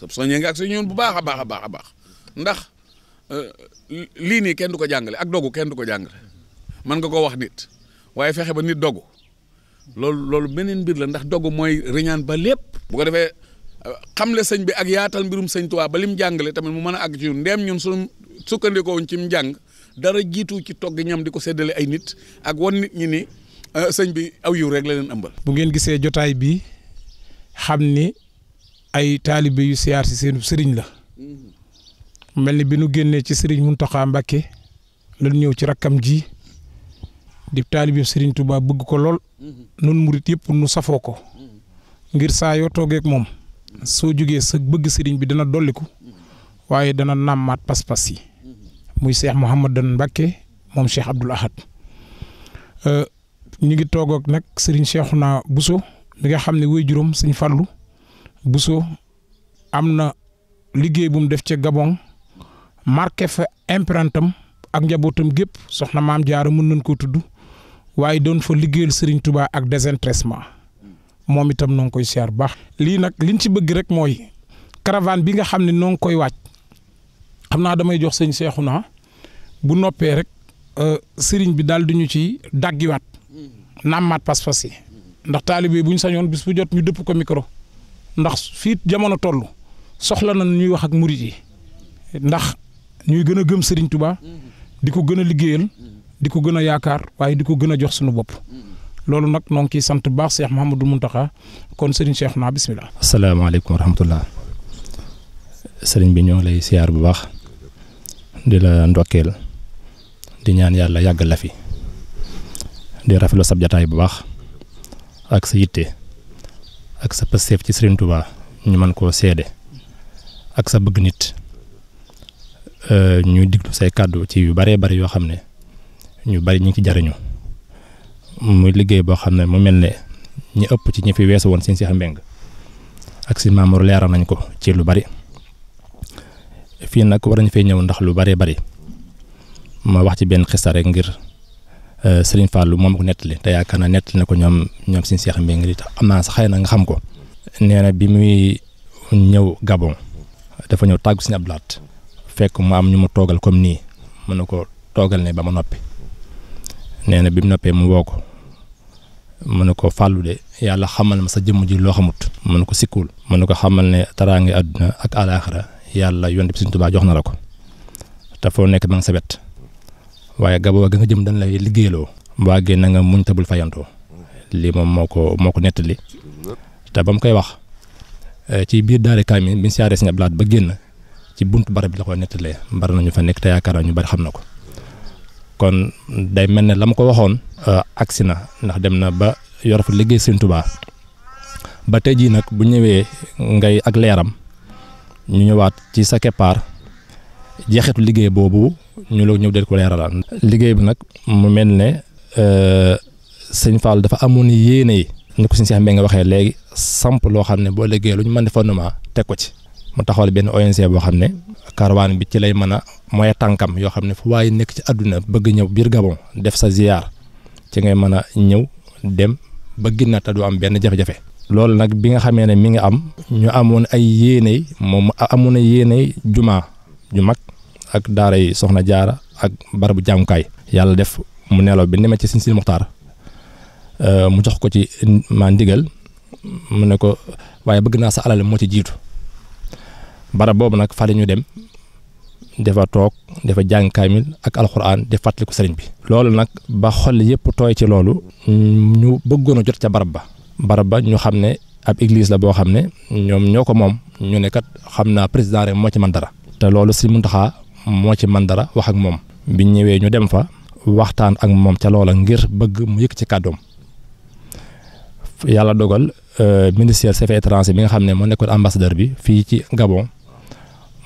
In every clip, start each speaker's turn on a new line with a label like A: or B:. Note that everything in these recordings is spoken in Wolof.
A: sab soññee nga ak sa ñun bu baax a baax a baax a baax ndax euh, lii nii kenn du ko jàngale ak dogu kenn du ko jàngale mën nga koo wax nit waaye fexe ba nit dogu loolu loolu beneen mbir la ndax dogu mooy riñaan ba lépp bu ko defee euh, xamle sëñ bi ak yaatal mbirum sëñ Tuubaa ba lim jàngale tamit mu mën a àgg ci ñun ndeem ñun suñu ci mu jàng dara jiitu ci togg ñam di ko séddale ay nit ak wan nit ñi ni euh, sëñ bi aw yiw rek la leen ëmbal. bu ngeen gisee jotaay bi xam ni ay taalibe yu siyaar si seen sëriñ la mel ni bi nu génnee ci sëriñ Muntaxa Mbàkke lan ñëw ci rakkam ji di taalibe sëriñ tubaab bëgg ko lool nun murit yëpp nu safoo ko ngir saa yoo toogeek moom soo jógee sa bëgg sëriñ bi dana dolliku waaye dana nàmmaat pas-pas yi muy Cheikh Mouhamadan Mbàkke moom Cheikh Abdoul Ahad euh, ñu ngi toog ak nag sëriñ naa Bousso mi nga xam ne wéy juróom sëñ Fàllu Bousso am na liggéey bu mu def ca Gabon marqué fa empreinte am ak njabootam gépp soxna maam jaara mën nañ koo tudd waaye doon fa liggéeyal Serigne tubaa ak désintéressement moom itam noo ngi koy siyaar baax. lii nag liñ ci bëgg rek mooy caravane bi nga xam ne noo ngi koy waaj xam naa damay jox sëñ naa bu noppee rek euh, sëriñ bi daal ñu ci daggiwaat mm. nammaat pas-pas yi ndax taalibe bu ñu sañoon bis bu jot ñu dëpp ko micro. ndax fii jamono toll soxla na ñuy wax ak murit yi ndax ñuy gën a gëm sëriñ tubaa di ko gën a liggéeyal di ko gën a yaakaar waaye di ko gën a jox sunu bopp loolu nag noo ngi ciy sant bu baax du mun Mountakha kon Serigne Cheikh naa bisimilah.
B: asalaamaaleykum wa rahmatulah Serigne bi ñoo lay siyaar bu baax di la ndokkeel di ñaan yàlla yàggal la fi di rafetlu sab jataay bu baax ak sa yitte. ak sa pastéef ci Serigne Touba ñu man koo seede ak sa bëgg nit euh, ñuy diglu say kàddu ci yu baree bari yoo xam ne ñu bari ñu ngi ci jariñu muy liggéey boo xam ne mu mel ne ñu ëpp ci ñu fi weesu woon seen Cheikh Mbeng ak si Mamour leeram nañ ko ci lu bari fii nag war nañ fay ñëw ndax lu baree bari moo wax ci benn xista rek ngir. Euh, Serigne fàllu moom ko nettali te yaakaar naa nettali na ko ñoom ñoom suñu seex mi ngi am naa sax xëy na nga xam ko. neena bi muy ñëw Gabon dafa ñëw tàggu Serigne Abdou Lahad fekk mu am ñu mu toogal comme nii mu ne ko toogal ne ba ma noppi nee na bi mu noppee mu woo ko mu ne ko Fallou de yàlla xamal ma sa jëmm ji loo xamut. mu ne ko sikkuul mu ne ko xamal ne taraange àdduna ak alaaxira yàlla yonent bi Serigne Touba jox na la ko te foo nekk ma nga waaye gaboo ga nga jëm dañ lay liggéeyloo mbaa génn nanga muñ tabul fayantoo lii moom moo ko moo ko nettali te ba mu koy wax eh, ci biir daare kaamil bi ñu siyaaree Sëñ Abdu ba génn ci buntu barab bi la ko nettalee bari nañu fa nekk te yaakaar ñu bari xam na ko kon day mel ne la ma ko waxoon eh, agsi na ndax dem na ba yor fa liggéey Sëñ Tuubaa ba tey jii nag bu ñëwee ngay ak leeram ñu ñëwaat ci sa keppaar jeexitu liggéey boobu ñu la ñëw del ko leeralal liggéey bi nag mu mel ne euh, sëñ Fall dafa amoon yéene yi ni ko sëñ Cheikh Mbengue nga waxee léegi samp loo xam ne boo liggéey lu ñu mën di fondement teg ko ci mu taxawal benn ONC boo xam ne caravane bi ci lay mën a mooy tànkam yoo xam ne fu waaye nekk ci adduna bëgg ñëw biir Gabon def sa ziar ci ngay mën a ñëw dem ba Ginna te du am benn jafe-jafe loolu nag bi nga xamee ne mi ngi am ñu amoon ay yéeney moom amoon na yéeney jumaa ju mag ak daara yi soxna jaara ak barabu jàngukaay yàlla def mu nelaw bi demee ci sëñ Sidi Muxtaar euh, mu jox ko ci maa ndigal mu ne ko waaye bëgg naa sa alal moo ci jiitu barab boobu nag fale ñu dem dafa toog dafa jàng kaamil ak alxuraan di fàttaliku sëriñ bi. loolu nag ba xol yëpp tooy ci loolu. ñu bëggoon a jot ca barab ba. barab ba ñu xam ne ab église la boo xam ne ñoom ñoo ko moom ñu ne kat xam naa président rek moo ci man dara. te loolu si Muntaxa moo ci man dara wax ak moom bi ñëwee ñu dem fa waxtaan ak moom ca loola ngir bëgg mu yëkk ci kàddoom yàlla dogal euh, ministère des affaires bi nga xam ne moo nekkoon ambassadeur bi fii ci Gabon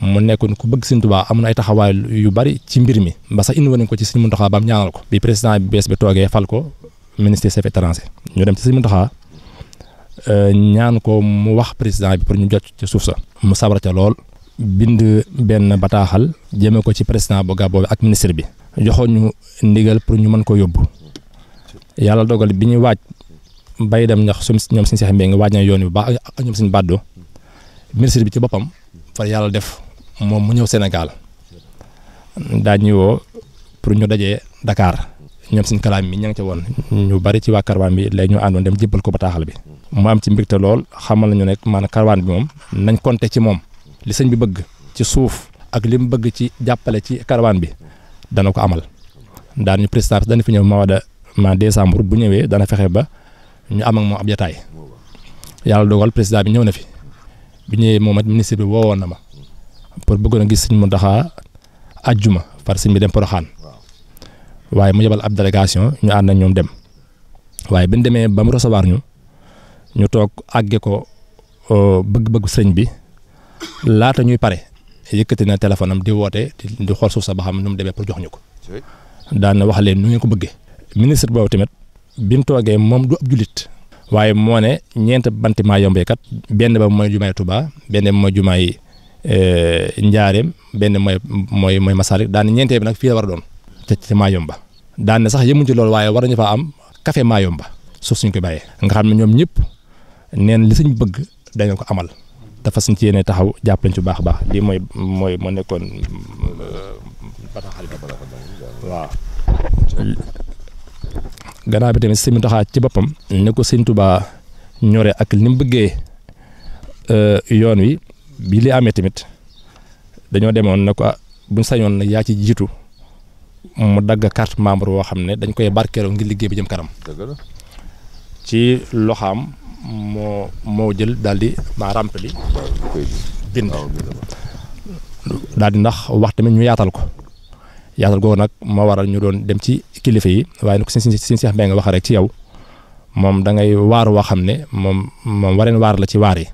B: mu nekkoon ku bëgg Sëñ Tuubaa am na ay taxawaay yu bari ci mbir mi ba sax indi woon ko ci Sëñ Muntaxaa ba mu ñaanal ko bi président bi bees bi toogee fal ko ministère des affaires étrangères ñu dem ci Sëñ Muntaxaa euh, ñaan ko mu wax président bi pour ñu jot ci suuf sa mu sabra ca lool bind benn bataaxal jëme ko ci président bu Gabon bi ak ministre bi joxoon ñu ndigal pour ñu mën ko yóbbu yàlla dogal bi ñu waaj bay dem ndax suñ ñoom si seex mbéy nga waaj na yoon bu baax ak ñoom suñ bàddoo ministre bi ci boppam far yàlla def moom mu ñëw Sénégal daañu woo pour ñu dajee Dakar ñoom suñ kalaam mi ña ngi ca woon ñu bari ci waa karawaan bi lay ñu àndoon dem jébbal ko bataaxal bi mu am ci mbégte lool xamal nañu nekk maanaam karawaan bi moom nañ compter ci moom li sëñ bi bëgg ci suuf ak li mu bëgg ci jàppale ci caravane bi dana ko amal daan ñu président dana fi ñëw mawada ma décembre bu ñëwee dana fexe ba ñu am ak moom ab jataay yàlla dogal président bi ñëw na fi bi ñëwee moom at ministre bi woowoon na ma pour bëggoon a gis mu Muntaxa ajjuma far sëñ bi dem Poroxaan waaye mu yebal ab délégation ñu ànd ak ñoom dem waaye bi ñu demee ba mu recevoir ñu ñu toog àgge ko euh, bëgg-bëggu sëñ bi. laata ñuy pare yëkkati na téléphone am di woote di xool suuf sa baxam xam nu mu demee pour jox ñu ko daan na wax leen nu ngeen ko bëggee. ministre boobu tamit bi mu toogee moom du ab jullit. waaye moo ne ñeent banti maa yombee kat benn ba mooy jumaay Touba benn mooy jumaay eh, Njaareem benn mooy mooy mooy Masalik daan na bi nag fii la war a doon te ci maa yomba daan na sax yemuñ ci loolu waaye war nañu faa am café maa yomba suuf suñ ko bàyyee. nga xam ne ñoom ñëpp neen li suñ bëgg dañu ko amal. dafa suñ ci yéene taxaw jàpp lañ ci baax baax lii mooy mooy ma nekkoon bataaxal euh, bi waaw gannaaw bi tamit Sëñ ci boppam ni ko Sëñ Tuubaa ñore ak ni mu bëggee euh, yoon wi bi li amee tamit dañoo demoon ne ko ah, buñ sañoon nag yaa ci jiitu mu dagg kart membre woo xam ne dañ koy barkeeloo ngir liggéey bi jëm kanam ci loxaam moo moo jël daal di maa rempli
C: di ndax
B: wax tamit ñu yaatal ko yaatal googu nag moo waral ñu doon dem ci kilifa yi waaye nag suñ suñ seex mbay nga wax rek ci yow moom dangay waar woo xam ne moom moom wareen waar la ci waar yi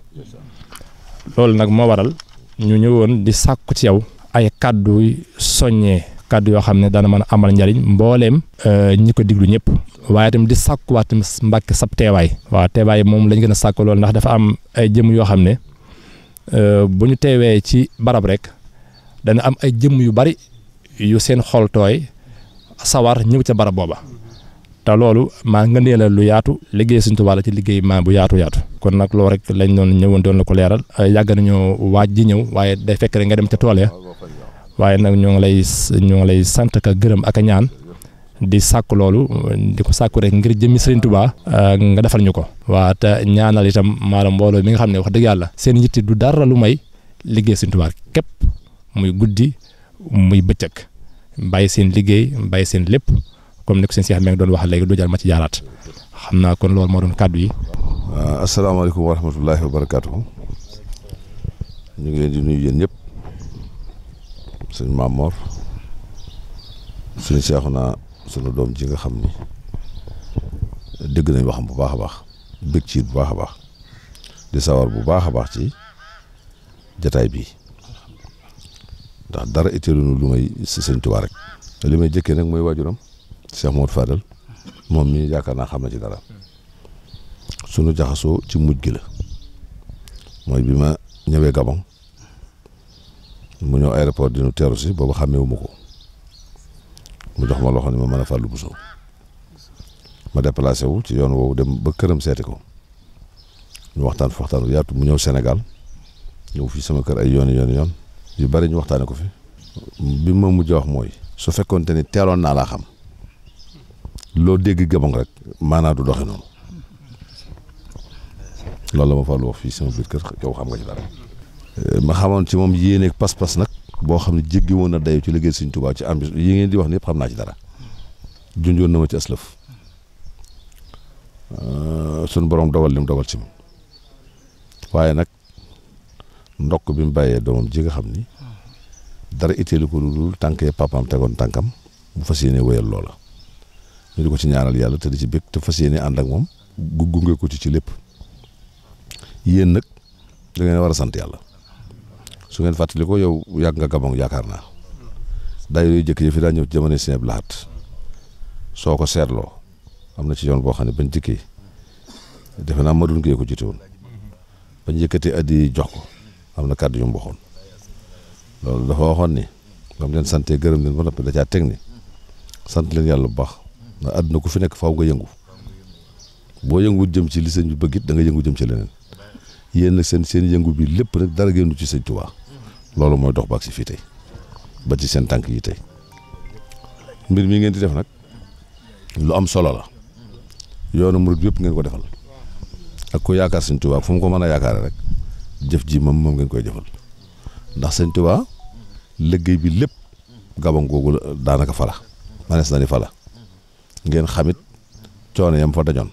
B: loolu nag moo waral ñu ñëwoon di sàkku ci yow ay kàddu soññee kàddu yoo xam ne dana mën a amal njariñ mbooleem euh, ñi ko diglu ñëpp waaye tamit di sàkkuwaat tamit mbàkk sab teewaay waaw teewaay moom lañ gën a sàkk lool ndax dafa am ay jëm yoo xam ne euh, bu ñu teewee ci barab rek dana am ay jëm yu bari yu seen xol tooy sawar ñëw ca barab booba te loolu maa nga la lu yaatu liggéey Sëñ Tuubaa la ci liggéey maa bu yaatu yaatu kon nag loolu rek lañ doon la ko leeral yàgg nañoo waaj ji ñëw waaye day fekk rek nga dem ca tool waaye nag ñoo ngi lay ñoo ngi lay sant ka gërëm ak a ñaan di sàkk loolu di ko sàkku rek ngir jëmmi Serigne Touba euh, nga defal ñu ko waa te ñaanal itam maanaam mbooloo mi nga xam ne wax dëgg yàlla seen yitti du dara lu may liggéey Serigne Touba képp muy guddi muy bëccëg bàyyi seen liggéey bàyyi seen lépp comme ni ko seen Cheikh Mbengue doon wax léegi du jar ma ci jaaraat xam naa kon loolu moo doon kàddu yi
C: asalaamaaleykum wa rahmatullahi wa barakaatu ñu ngi suñu Mamor suñu Seexuna suñu doom ji nga xam ni dégg nañ waxam bu baax a baax bég bu baax a baax di sawar bu baax a baax ci jataay bi ndax dara itteelu lu may si sëñ Tuubaa rek li may jëkkee nag mooy waajuram Cheikh Modou Fadal moom mi yaakaar naa xam na ci dara sunu jaxasoo ci muj gi la bi ma ñëwee Gabon mu ñëw aéroport di nu teeru si boobu xàmmeewu ma ko mu jox ma loxo ne ma mën a fàllu Bousso ma déplacé wu ci yoon woowu dem ba këram seeti ko ñu waxtaan fi waxtaan yaatu mu ñëw senegal ñëw fii sama kër ay yoon yoon yoon yu bari ñu waxtaanee ko fi bi ma mujj wax mooy su fekkoonte ni teeloon naa laa xam loo dégg gabon rek maanaa du doxe noonu loolu la ma fàllu wax fii sama biir kër yow xam nga ci dara ma xamoon ci moom yéeneeg pas-pas nag boo xam ne jéggi woon na dayu ci liggéey Sëriñ Tuubaa ci am yi ngeen di wax ñëpp xam naa ci dara junjoon na ma ci aslëf euh, suñu borom dogal lim dogal ci moom waaye nag ndokk bi mu bàyyee doomam ji nga xam ni dara itteelu ko lu dul tànkee papaam tegoon tànkam bu fas yéene wéyal loola ñu di ko ci ñaanal yàlla te di ci bég te fas yéene ànd ak moom gunge ko ci ci lépp yéen nag da ngeen war a sant yàlla. su ngeen fàttali ko yow yàgg nga Gabon yaakaar naa daay yooyu jëkk yi fi daa ñëw ci jamono Sëñ Abdu Lahat soo ko seetloo am na ci yoon boo xam ne bañ dikkee defe naa Madoune Gueye ko jiite woon bañ yëkkatee addi jox ko am na kàddu yu mu waxoon loolu dafa waxoon ni bam leen sante gërëm leen ba noppi dajaa caa ni sant leen yàlla bu baax ndax àdduna ku fi nekk faaw nga yëngu boo yëngu jëm ci li sëñ bi bëgg it da nga yëngu jëm ci leneen yéen nag seen seen yëngu bi lépp nag dara génnu ci sëñ Tuubaa loolu mooy dox ba si fii tey ba ci seen tànk yi tey mbir mi ngeen di def nag lu am solo la yoonu murid yëpp ngeen ko defal ak ko yaakaar sëñ Tuubaa fu ko mën a yaakaare rek jëf ji moom moom ngeen koy jëfal ndax sëñ Tuubaa liggéey bi lépp gabon googu daanaka fala manees na ni fala ngeen xamit coono yam fa dañoon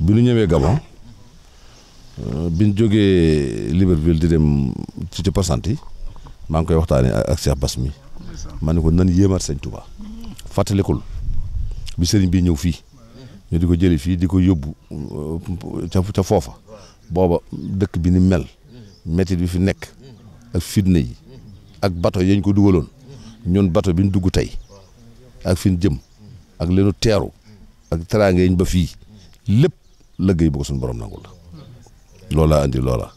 C: bi nu ñëwee gabon euh, biñ jógee Libreville di dem ci pourcent yi maa ngi koy waxtaanee ak Cheikh Bass mi ma ne ko nan yéemaat sëñ Touba fàttalikul bi sëriñ bi ñëw fii ñu di ko jëlee fii di ko yóbbu euh, ca foofa booba dëkk bi ni mel métit bi fi nekk ak fitna yi ak bato yañ ko dugaloon ñun bato bi ñu dugg tey ak fi ñu jëm ak leenu teeru ak teraange yiñ ba fii lépp lëggéey bu ko suñu borom nangul la loola andi loola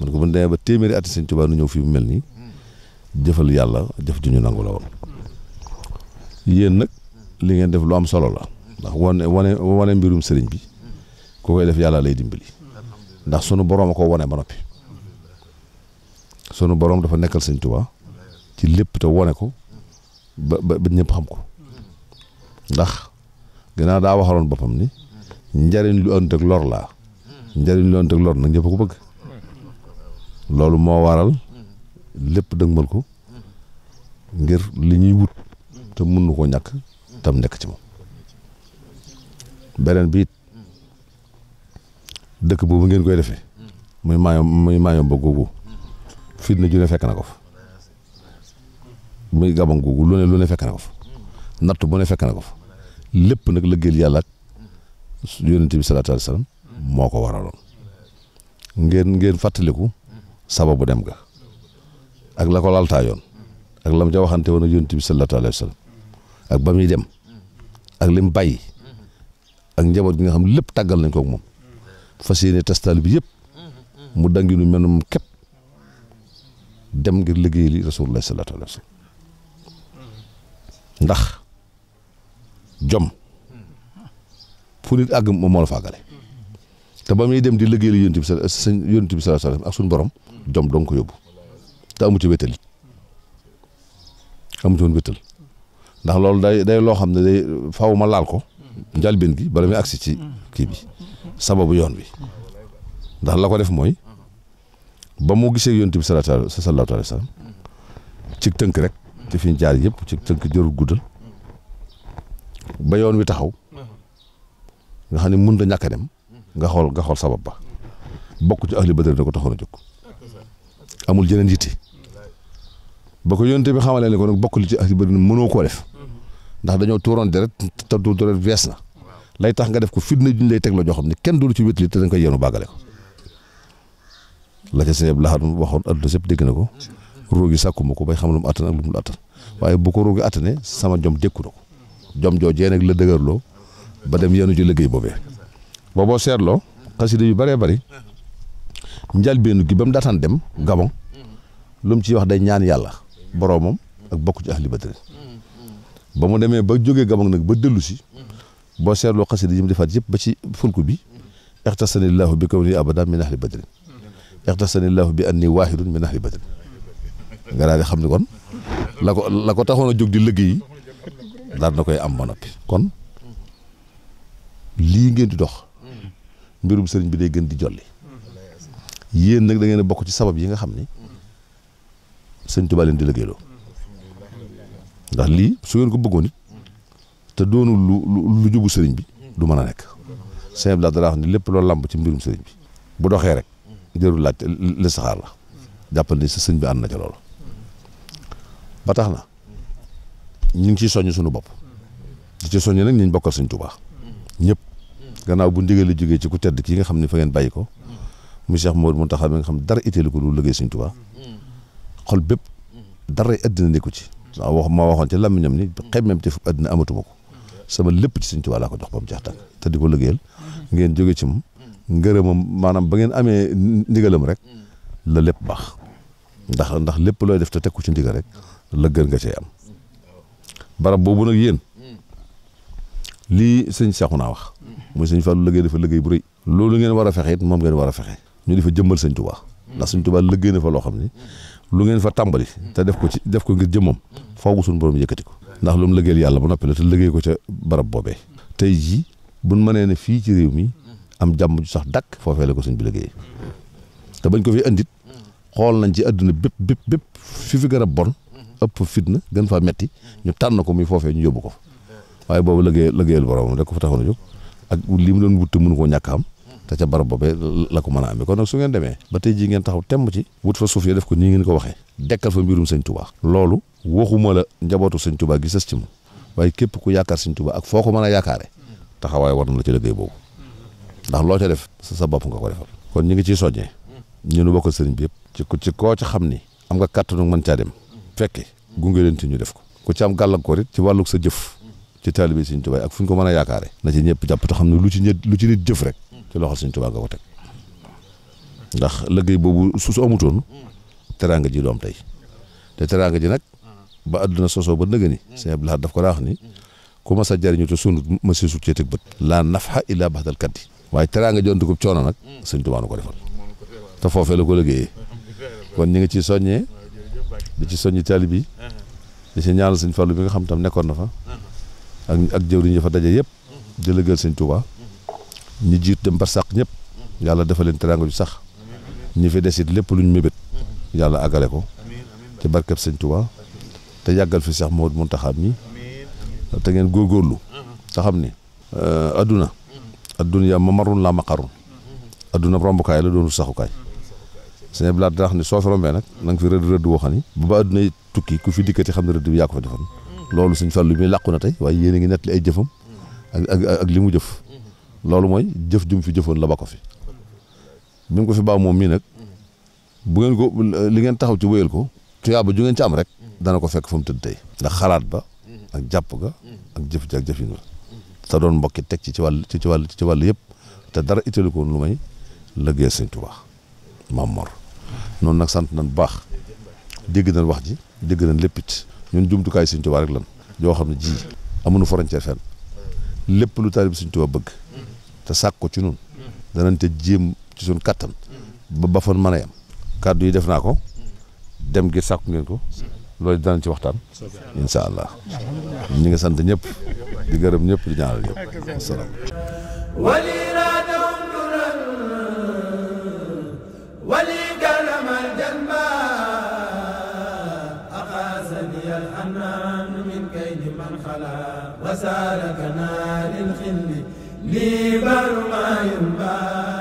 C: man ko bu demee ba téeméeri ati sëñ Tuubaa nu ñëw fii mu mel nii jëfal yàlla jëf ju ñu nangu la woon yéen nag li ngeen def lu am solo la ndax wane wane wane mbirum sëriñ bi ku koy def yàlla lay dimbali ndax sunu borom a ko wane ba noppi sunu borom dafa nekkal sëñ Tuubaa ci lépp te wone ko ba ñëpp xam ko ndax gannaaw daa waxaloon boppam ni njariñ lu ënt ak lor la njariñ lu ënt ak lor nag ñëpp ko bëgg. loolu moo waral mm-hmm. lépp dëgmal ko mm-hmm. ngir li ñuy wut mm-hmm. te mun na koo ñàkk tam nekk ci moom beneen bi it dëkk boobu ngeen koy defee muy maayo ma maayo ba googu fitna ju fekk na ko fa muy gabon googu lu ne fekk na ko fa natt bu fekk na ko fa lépp nag lëggéel yàlla ak yonent bi salaatu alayhi salaam moo ko waraloon ngeen ngeen fàttaliku sababu dem ga ak la ko laltaayoon ak lam ca waxante woon ak yonent bi sallallahu alayhi wa ak ba muy dem ak lim bàyyi ak njaboot gi nga xam lépp tàggal nañ ko ak moom fas yéene testal bi yëpp mu dangi lu mel moom képp dem ngir liggéey li rasulullah sallallahu alayhi wa sallam ndax jom fu nit àgg moo la faagale te ba muy dem di liggéey li yonent bi sa yonent borom jom dong ko yóbbu te amu ci wétal it amu ci woon wétal ndax loolu day day loo xam ne day faaw ma laal ko njalbeen gi bala muy agsi ci kii bi sababu yoon bi ndax la ko def mooy ba mu gisee yonent bi sallallahu alayhi wa sallam ci tënk rek ci fi ñu jaar yëpp ci tënk jërul guddal ba yoon wi taxaw nga xam ne mun da ñàkk a dem nga xool nga xool sabab ba bokk ci ahli badar da ko taxoon a jóg amul jëneen yitte ba ko yónte bi xamalee la ko nag bokkul ci ak bëri mënoo koo def ndax dañoo tuuroon deret te du deret wees na lay tax nga def ko fitna juñ lay teg la joo xam ne kenn du ci wétali te dañ koy yéenu bàggale ko la ca sëñ Abdoulaye waxoon adduna sëpp dégg na ko ruugi sàkkuma ko bay xam lu mu attan ak lu mu attan waaye bu ko ruugi attanee sama jom dékku na ko jom joojee nag la dëgërloo ba dem yéenu ci liggéey boobee booboo seetloo xasida yu bëree bëri njalbeenu gi ba mu daataan dem Gabon lu mu ciy wax day ñaan yàlla boroomam ak bokk ci ahli badri ba mu demee ba jógee gabang nag ba dellu si boo seetloo xasida yi mu defaat yëpp ba ci fulku bi ixtasanillahu bi kawni abada min ahli badrin ixtasanillahu bi anni waahidun min ahli badrin nga daal di xam ni kon la ko la ko taxoon a jóg di liggéey daal na koy am ba noppi kon lii ngeen di dox mbirum sëriñ bi day gën di jolli yéen nag dangeen bokk ci sabab yi nga xam ni sëñ Tuubaa leen di liggéeyloo ndax lii su ngeen ko bëggoon it te doonul lu lu jubu sëriñ bi du mën a nekk sëñ bi daal lépp loo làmb ci mbirum sëriñ bi bu doxee rek jërul laaj la jàppal ni sa sëñ bi ànd na ca loolu ba tax na ñu ngi ciy soññ suñu bopp di ci soññ nag ñu bokkal sëñ ñëpp gannaaw bu ndigal li jógee ci ku tedd kii nga xam ne fa ngeen ko mu Cheikh Mawud Mountakha mi nga xam dara itteelu ko lu liggéey xol bépp dara àddina nekku ci waaw wax ma waxoon ci làmmiñam ni xemmeem ci addina amatuma ko sama lépp ci Sëñ Tuubaa laa ko jox ba mu jeex tànk te di ko liggéeyal ngeen jóge ci moom maanaam ba ngeen amee ndigalam rek la lépp bax ndax ndax lépp looy def te teg ko ci ndigal rek la gën nga cee am barab boobu nag yéen lii sëñ Seexuna wax muy sëñ Fallou liggéey dafa liggéey bu rëy loolu ngeen war a fexe it moom ngeen war a fexe ñu di fa jëmmal sëñ wax ndax sëñ Tuubaa liggéey na fa loo xam ni lu ngeen fa tàmbali te def ko ci def ko ngir jëmmam faaw suñu borom yëkkati ko ndax lu mu liggéeyal yàlla ba noppi la te liggéey ko ca barab boobee. tey jii bu ñu mënee ne fii ci réew mi am jàmm ju sax dàkk foofee la ko suñ bi liggéey te bañ ko fi andit xool nañ ci àdduna bépp bépp bépp fi fi gën a bon ëpp fitna gën faa metti ñu tànn ko muy foofee ñu yóbbu ko waaye boobu liggéey liggéeyal borom rek ko fa taxoon a ak li mu doon wut te mënu koo ñàkk am te ca barab boobee la ko mën amee kon nag su ngeen demee ba tey jii ngeen taxaw temm ci wut fa suuf ya def ko nii ngeen ko waxee dekkal fa mbirum sëñ Tuubaa loolu waxuma la njabootu sëñ Tuubaa gi sës ci waaye képp ku yaakaar sëñ Tuubaa ak foo ko mën a yaakaare taxawaay war na la ci liggéey boobu ndax loo ca def sa bopp nga ko defal kon ñu ngi ciy soññee ñu nu bokk sëriñ bi yëpp ci ku ci koo xam ni am nga kàttanu mën caa dem fekke gunge leen ci ñu def ko ku ci am gàllankoor it ci wàllug sa jëf ci taalibe sëñ Tuubaa ak fu ñu ko yaakaare na ci ñëpp jàpp te xam ne lu ci lu jëf rek ci loxo suñ tubaab nga ko ndax liggéey boobu su su amutoon teraanga ji doom tey te teraanga ji nag ba àdduna sosoo ba nëgë ni sëñ daf ko raax ni ku ma sa jariñu te sunut ma si sut cee teg bët laa nafxa illaa baxdal kaddi waaye teraanga jontu ko coono nag suñ tubaab nu ko defal te foofee la ko liggéeyee kon ñu ngi ciy soññee di ci soññi taalib yi di ci ñaanal sëñ Fallu bi nga xam tam nekkoon na fa ak ak jëwriñ yi fa daje yëpp di liggéeyal sëñ Tuubaa ñi jiitu dem barsàq ñépp yàlla dafa leen teraanga ju sax ñi fi desit lépp lu ñu mébét yàlla àggale ko ci barkeb sëñ Tuubaa te yàggal fi Seex Mouhamadou Mountakha mi te ngeen góorgóorlu te xam ni euh, adduna adduna mamarun laa maqarun adduna rombukaay la doonu saxukaay sëñ Blaat daa wax ni soo fi rombee nag na nga fi rëdd rëdd woo bu ba adduna yi tukki ku fi dikkati xam ne rëdd bi yaa ko fa defoon loolu suñ fàllu mi làqu na tey waaye yéen a ngi nett li ay jëfam ak li mu jëf loolu mooy jëf jum fi jëfoon la ba ko fi bi mu ko fi baaw moom mii nag bu ngeen ko li ngeen taxaw ci wéyal ko tuyaaba jungeen ngeen ci am rek dana ko fekk fa mu tëdd tey ndax xalaat ba ak jàpp ga ak jëf ji ak jëf yi te teg ci ci wàll ci ci wàll ci wàll yëpp te dara itali ko lu may lëggee sëñ Tuubaa Maam Mor noonu nag sant nañ bu baax dégg nañ wax ji dégg nañ lépp it ñun jumtukaay sëñ Tuubaa rek lan yoo xam ne ji amuñu frontière fenn lépp lu taalibe sëñ Tuubaa bëgg te sàkk ko ci nun danañ te jéem ci suñ kattan ba ba fan mën a yem yi def naa ko dem gi sàkku ngeen ko loolu danañ ci waxtaan incha allah ñi ngi sant ñëpp di gërëm ñëpp di ñaanal ñëpp asalaam وسالك نار الخل li baru ma yumba